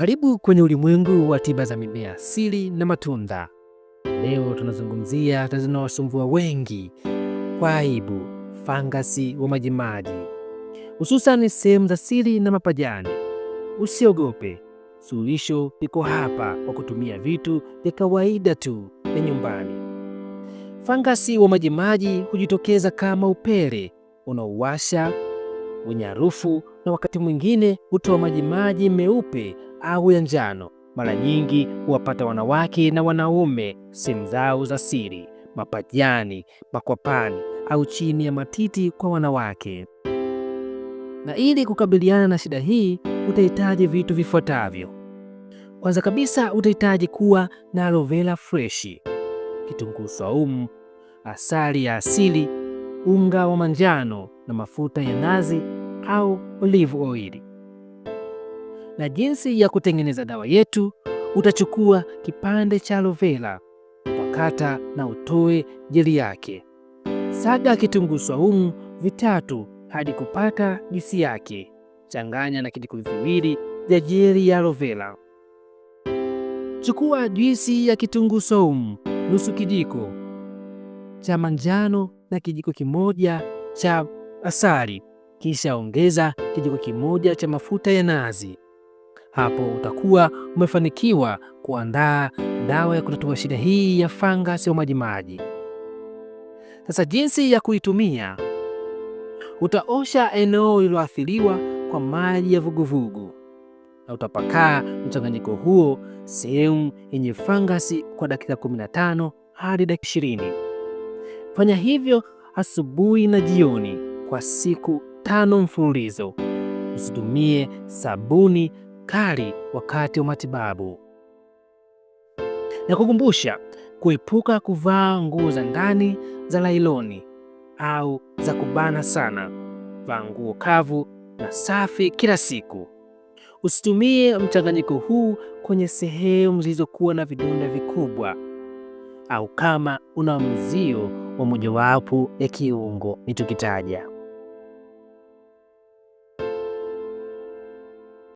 Karibu kwenye ulimwengu wa tiba za mimea asili na matunda. Leo tunazungumzia zinawasumbua wengi kwa aibu, fangasi wa majimaji, hususan sehemu za siri na mapajani. Usiogope, suluhisho liko hapa kwa kutumia vitu vya kawaida tu vya nyumbani. Fangasi wa majimaji hujitokeza kama upele unaowasha wenye harufu na wakati mwingine hutoa majimaji meupe au ya njano. Mara nyingi huwapata wanawake na wanaume sehemu zao za siri, mapajani, makwapani au chini ya matiti kwa wanawake. Na ili kukabiliana na shida hii utahitaji vitu vifuatavyo. Kwanza kabisa utahitaji kuwa na aloe vera freshi, kitunguu saumu, asali ya asili, unga wa manjano na mafuta ya nazi au olive oil na jinsi ya kutengeneza dawa yetu, utachukua kipande cha aloe vera, pakata na utoe jeli yake. Saga kitunguu swaumu vitatu hadi kupata jisi yake. Changanya na kijiko viwili vya jeli ya aloe vera. Chukua juisi ya kitunguu swaumu nusu kijiko cha manjano na kijiko kimoja cha asali, kisha ongeza kijiko kimoja cha mafuta ya nazi. Hapo utakuwa umefanikiwa kuandaa dawa ya kutatua shida hii ya fangasi wa majimaji. Sasa jinsi ya kuitumia, utaosha eneo lililoathiriwa kwa maji ya vuguvugu na utapakaa mchanganyiko huo sehemu yenye fangasi kwa dakika 15 hadi dakika 20. Fanya hivyo asubuhi na jioni kwa siku tano mfululizo. Usitumie sabuni kali wakati wa matibabu. Na kukumbusha kuepuka kuvaa nguo za ndani za lailoni au za kubana sana. Vaa nguo kavu na safi kila siku. Usitumie mchanganyiko huu kwenye sehemu zilizokuwa na vidonda vikubwa au kama una mzio wa mojawapo ya kiungo nitukitaja